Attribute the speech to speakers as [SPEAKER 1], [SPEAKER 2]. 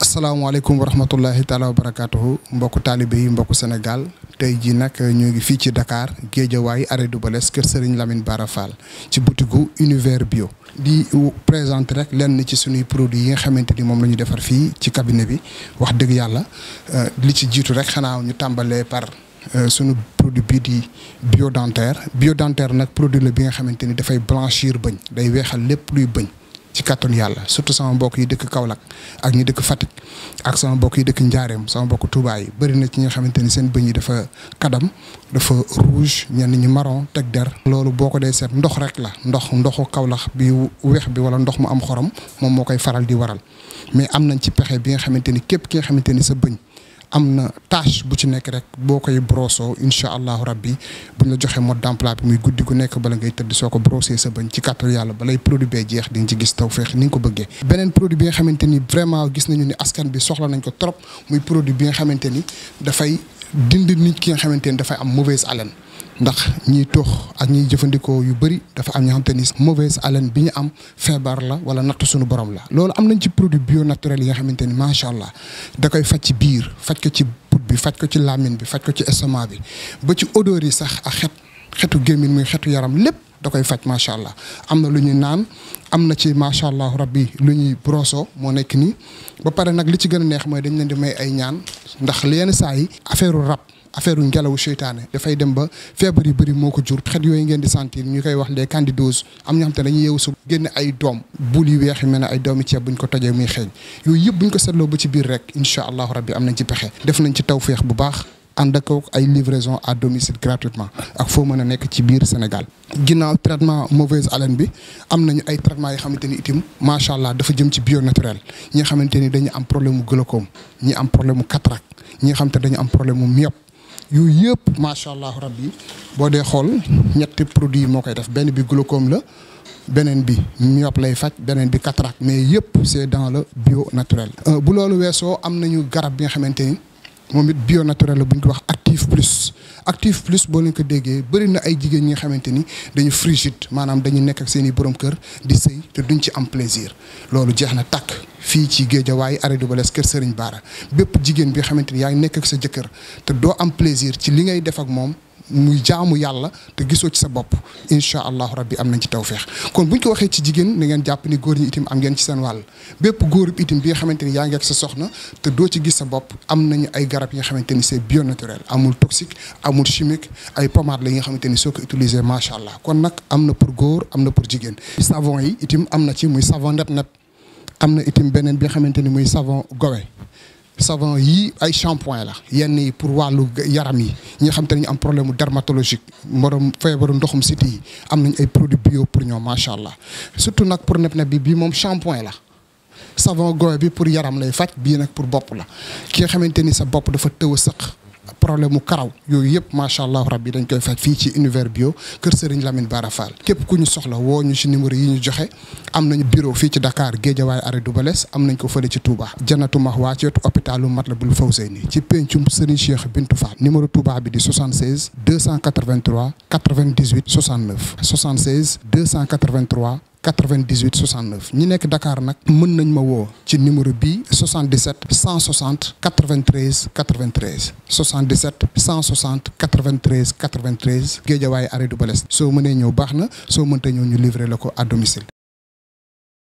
[SPEAKER 1] asalaamaaleykum wa rahmatullahi taala wa barakaatuhu mbokku taalibe yi mbokku senegal tey jii nag ñoo ngi fii ci Dakar Géejawaay arrêt du Balès kër Serigne Lamine Bara Fall ci butigu Univers Bio. di présenter rek lenn ci suñuy produit yi nga xamante ni moom la ñu defar fii ci cabinet bi wax dëgg yàlla euh, li ci jiitu rek xanaa ñu tàmbalee par. Euh, suñu produit bii di bio biodentaire biodentaire nag produit la bi nga xamante ni dafay blanchir bëñ day weexal lépp luy bëñ ci kàttanu yàlla surtout sama mbokk yi dëkk Kaolack ak ñu dëkk Fatick ak sama mbokk yi dëkk Njaareem sama mbokk tubaay yi bëri na ci ñi nga xamante ni seen bëñ yi dafa kadam dafa rouge ñenn ñi marron teg der. loolu boo ko dee seet ndox rek la ndox ndoxu Kaolack bi weex bi wala ndox mu am xorom moom moo koy faral di waral mais am nañ ci pexe bi nga xamante ni képp ki nga xamante ni sa bëñ. am na tâche bu ci nekk rek boo koy broso incha allahu rab bu ñu la joxee mode d'emploi bi muy guddi gu nekk bala ngay tëdd soo ko brosé sa ci kàttan yàlla balay produit bee jeex di ci gis tawféex ni nga ko bëggee. beneen produit bi nga xamante ni vraiment gis nañu ni askan bi soxla nañ ko trop muy produit bi nga xamante ni dafay dindi nit ki nga xamante ni dafay am mauvaise haleine. ndax ñiy toox ak ñiy jëfandikoo yu bëri dafa am ñoo xam te ni mauvaise haleine bi ñu am feebar la wala natt suñu borom la loolu am nañ ci produit bio naturel yi nga xamante ni macha allah da koy faj ci biir faj ko ci put bi faj ko ci làmmiñ bi faj ko ci estomac bi ba ci odeur yi sax a xet xetu gémmiñ muy xetu yaram lépp da koy faj macha allah am na lu ñu naan am na ci macha allah rabbi lu ñuy broso moo nekk nii ba pare nag li ci gën a neex mooy dañ leen di may ay ñaan ndax yenn saa yi affaire rab affaire ngelawu seytaane dafay dem ba feebar yu bari moo ko jur xet yooyu ngeen di sentir ñu koy wax les candidoses am ñoo xam te dañuy yeewu su génn ay doom bul yu weex yu mel ay doomi ceeb buñ ko tojee muy xeeñ yooyu yëpp buñ ko seetloo ba ci biir rek incha allah rabbi am nañ ci pexe def nañ ci tawféex bu baax ànd ak ay livraison à domicile gratuitement ak fo meuna nek ci biir Sénégal. ginnaaw traitement mauvaise haleine bi amnañu ay traitement yoo xamante ni itam dafa jëm ci bio naturel ñi xamanteni dañu am problème mu glaucome ñi am problème cataract cataracte ñi nga dañu am problème mu yu yep machallah macha allah rabbi boo dee xool ñetti produit mo koy def ben bi glaucome la. benen bi myope lay faj benen bi cataracte mais yep c'est dans le bio naturel euh, bu loolu wesso amnañu garab bi nga moom it bio naturel la bu ñu ko wax active plus active plus boo leen ko déggee bëri na ay jigéen ñi nga xamante ni dañu frigide maanaam dañu nekk ak seen i borom kër di sëy te duñ ci am plaisir loolu jeex na tàkk fii ci Géejawaay arrêt du Balès kër Serigne baara bépp jigéen bi nga xamante ni yaa ngi nekk ak sa jëkkër te doo am plaisir ci li ngay def ak moom. muy jaamu yàlla te gisoo ci sa bopp incha allahu rabbi am nañ ci tawféex kon buñ ko waxee ci jigéen na ngeen jàpp ni góor ñi itam am ngeen ci seen wàll bépp góor itam bi nga xamante ni yaa ngi sa soxna te doo ci gis sa bopp am nañu ay garab yi nga xamante ni c'est bion naturel amul toxique amul chimique ay pommade la yi nga xamante ni soo ko utilisé macha allah kon nag am na pour góor am na pour jigéen savon yi itim am na ci muy savon net net am na itam beneen bi nga xamante ni muy savon gowee savon yi ay shampoing la yenn yi pour wàllu yaram yi ñi nga xam te ñu am problème dermatologique morom feebaru ndoxum siti yi am nañ ay produits bio pour ñom machallah surtout nak pour neb neb bi mom moom shampoing la. savon goy bi pour yaram lay faj bi nak pour bop la ki xamanteni sa bop dafa tëw a problème mu karaw yooyu yëpp macha allah rabbi dañ koy faj fii ci univers bio kër Serigne Lamine Bara Fall képp ku ñu soxla woo ñu ci numéro yi ñu joxe am nañu bureau fii ci Dakar Guédiawaay arrêt bales am nañ ko fële ci Touba Janatu Mahwa ci wetu hôpitalu Matlaboul Fawzeyni ci pencum Serigne Cheikh bintu Fall numéro Touba bi di 76 283 98 69 76 98 69 Nous, nek Dakar nak mën ma numéro 77 160 93 93 77 160 93 93 Géejawaay arrêt du Balès vous mënee ñeu baxna so mënta ñu livrer à domicile.